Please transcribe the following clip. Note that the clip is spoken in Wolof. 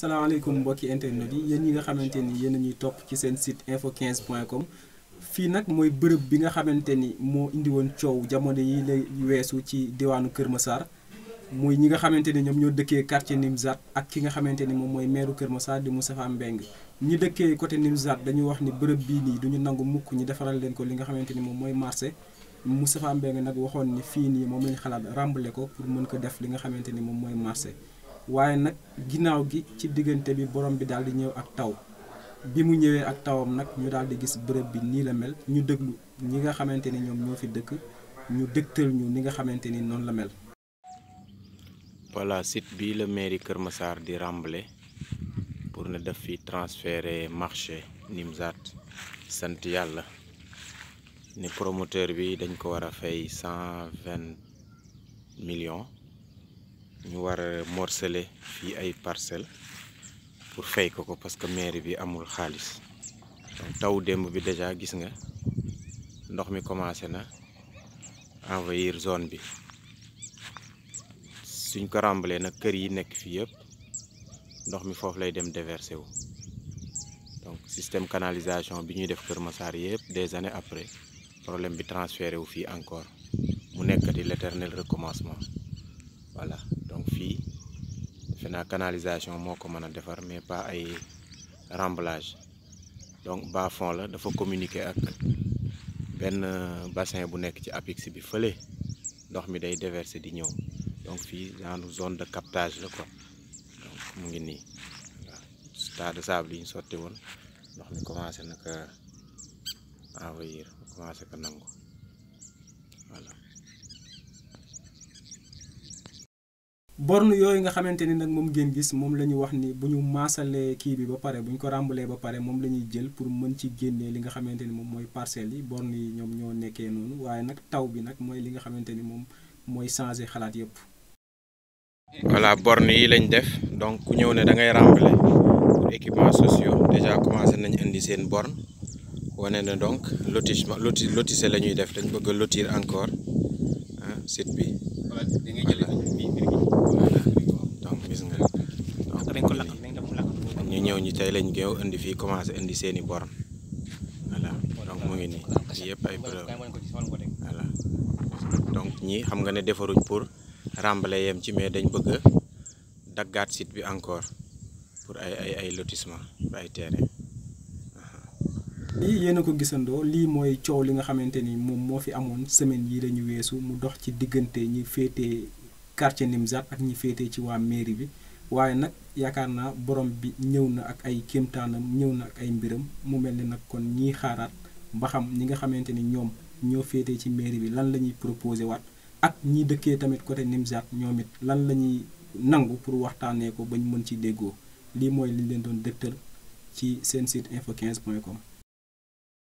salaamaaleykum mbokki internet yi yéen ñi nga xamante ni yéen a ñuy topp ci seen site info 15 point com fii nag mooy bërëb bi nga xamante ni moo indi woon coow jamono yi lay weesu ci diwaanu Kër Massar muy ñi nga xamante ni ñoom ñoo dëkkee quartier Nimzat ak ki nga xamante ni moom mooy maire Kër Massar di Moustapha Mbeng ñi dëkkee côté Nimzat dañuy wax ni bërëb bii nii duñu nangu mukk ñu defaral leen ko li nga xamante ni moom mooy marché Moustapha Mbeng nag waxoon ni fii nii moom lañ xalaat rambale ko pour mën ko def li nga xamante ni moom mooy marché waaye nag ginnaaw gi ci diggante bi borom bi daal di ñëw ak taw bi mu ñëwee ak tawam nag ñu daal di gis bërëb bi nii la mel ñu déglu ñi nga xamante ni ñoom ñoo fi dëkk ñu dëgtal ñu ni nga xamante ni noonu la mel. voilà site bii la mairie Kër Massar di remblai pour ne def fi transférer marché Nimzat sant yàlla ne promoteur bi dañ ko war a fay cent vingt millions. Nous war morcelé, morceler ay parcelles pour fay ko parce que mairie bi amul xaalis taw démb déjà gis nga ndox mi commencé na envahir zone bi suñ ko rambalé na kër yi nek fi yépp ndox mi foofu lay dem déversé wu donc système canalisation bi ñuy def Kër Massar yépp des années après problème bi transféré wu fi encore mu nekkati l'éternel recommencement voilà donc fi, defe canalisation moko meuna mën a mais pas ay remblage donc bas fond la dafa communiquer ak ben bassin bu nek ci apex bi feulé ndox mi day déverser di ñëw donc fi genre zone de captage la quoi donc mu ngi ni waaw tas de sable yi ñu sotti woon ndox mi commencé naka envahir commencé ko borne yooyu nga xamante ni nag moom ngeen gis moom la ñu wax ni bu ñu maasalee kii bi ba pare bu ñu ko ràmbalee ba pare moom la ñuy jël pour mën ci génnee li nga xamante ni moom mooy parcelle yi borne yi ñoom ñoo nekkee noonu waaye nag taw bi nag mooy li nga xamante ni moom mooy changer xalaat yëpp. voilà borne yi lañ def donc ku ñëw ne da ngay ràmbale sociaux déjà commencé nañu indi seen born wane na donc lotissement loti lotissé la ñuy def dañ bëgg a encore bi. ñu ñëw ñu tey lañ ñëw indi fii commencé indi seeni borm voilà donc mu ngi nii yëpp ay preuve voilà donc ñi xam nga ne defaruñ pour remblayer yem ci mais dañ bëgg daggaat site bi encore pour ay ay ay lotissement ay terrain lii yéen a ko gisandoo lii mooy coow li nga xamante ni moom moo fi amoon semaine yi la weesu mu dox ci diggante ñi féetee quartier Nimzatt ak ñi féete ci waa mairie bi waaye nag yaakaar naa borom bi ñëw na ak ay kéemtaanam ñëw na ak ay mbiram mu mel ni nag kon ñiy xaaraat ba xam ñi nga xamante ni ñoom ñoo féetee ci mairie bi lan la ñuy proposé waat ak ñi dëkkee tamit côté Nimzaat ñoom it lan la ñuy nangu pour waxtaanee ko ba mën ci déggoo lii mooy li leen doon dëgtal ci seen site info 15 point com.